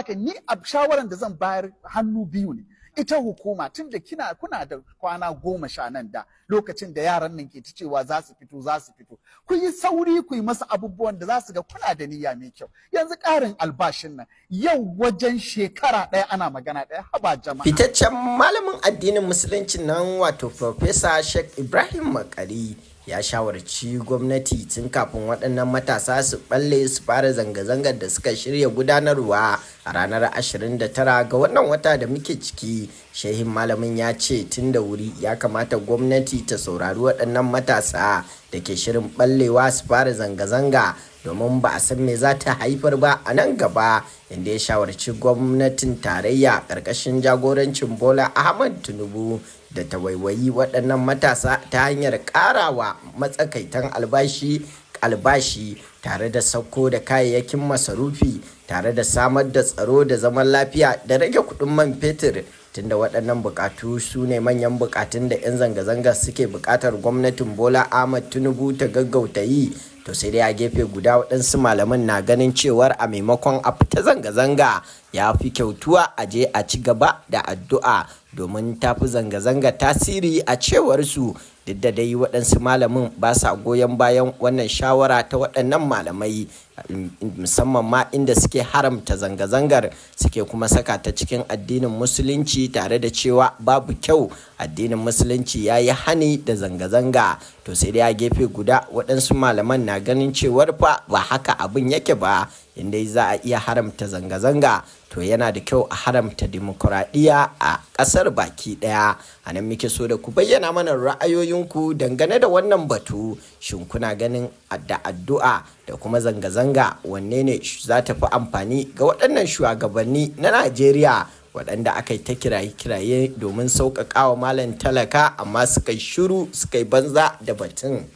Aka ni a shawaran da zan bayar hannu biyu ne ita hukuma tun da kina kuna da kwana goma sha nan da lokacin da yaran nan ke ta cewa za su fito za su fito ku yi sauri ku yi masa abubuwan da za su ga kuna da niyya mai kyau yanzu ƙarin albashin nan yau wajen shekara ɗaya ana magana ɗaya haba jama'a fitaccen malamin addinin musulunci nan wato Profesa Sheikh Ibrahim Makari ya shawarci gwamnati tun kafin waɗannan matasa su balle su fara zanga-zangar da suka shirya gudanarwa a ranar 29 ga wannan wata da muke ciki shehin malamin ya ce tun da wuri ya kamata gwamnati ta saurari waɗannan matasa da ke shirin ɓallewa su fara zanga-zanga domin ba a san me za ta haifar ba a nan gaba inda ya shawarci gwamnatin tarayya ƙarƙashin jagorancin bola ahmad tinubu da ta waiwayi waɗannan matasa ta hanyar ƙarawa matsakaitan albashi albashi tare da sauko da kayayyakin masarufi tare da samar da tsaro da zaman lafiya da rage kuɗin man fetur tunda waɗannan buƙatu su ne manyan buƙatun da 'yan zanga-zanga suke buƙatar gwamnatin bola ahmad tinubu ta gaggauta yi to sai dai a gefe guda waɗansu malaman na ganin cewar a maimakon a fita zanga-zanga ya fi kyautuwa a je a ci gaba da addu'a domin ta fi zanga-zanga tasiri a cewarsu. su duk da dai waɗansu malamin ba sa goyon bayan wannan shawara ta waɗannan malamai musamman ma inda suke haramta zanga-zangar suke kuma saka ta cikin addinin musulunci tare da cewa babu kyau addinin musulunci ya yi hani da zanga-zanga to sai dai a gefe guda waɗansu malaman na ganin cewar fa ba haka abin yake ba inda za a iya haramta zanga-zanga to yana da kyau a haramta dimokuraɗiyya a ƙasar baki ɗaya a nan muke so da ku bayyana mana ra'ayoyinku dangane da wannan batu shin kuna ganin da addu'a da kuma zanga-zanga wanne ne za ta fi amfani ga waɗannan shugabanni na najeriya waɗanda aka yi ta kiraye-kiraye domin sauƙaƙawa malam talaka amma suka yi shiru suka yi banza da batun